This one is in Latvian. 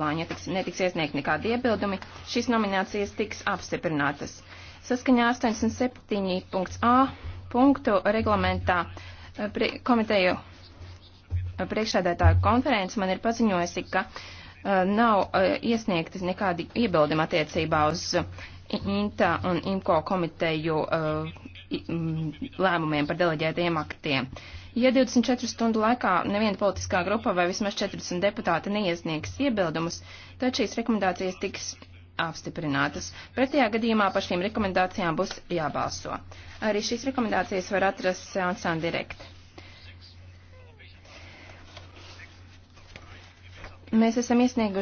Lāņa tiks, netiks iesniegt nekādi iebildumi, šīs nominācijas tiks apstiprinātas. Saskaņā 87.a punktu reglamentā eh, pre, komiteju eh, priekšsēdētāju konferences man ir paziņojusi, ka uh, nav uh, iesniegti nekādi iebildumi attiecībā uz INTA un IMCO komiteju uh, lēmumiem par deleģētajiem aktiem. Uh, Ja 24 stundu laikā neviena politiskā grupa vai vismaz 40 deputāti neiesniegs iebildumus, tad šīs rekomendācijas tiks apstiprinātas. Pretējā gadījumā par šīm rekomendācijām būs jābalso. Arī šīs rekomendācijas var atrast Seansan direkt. Mēs esam iesnieguši.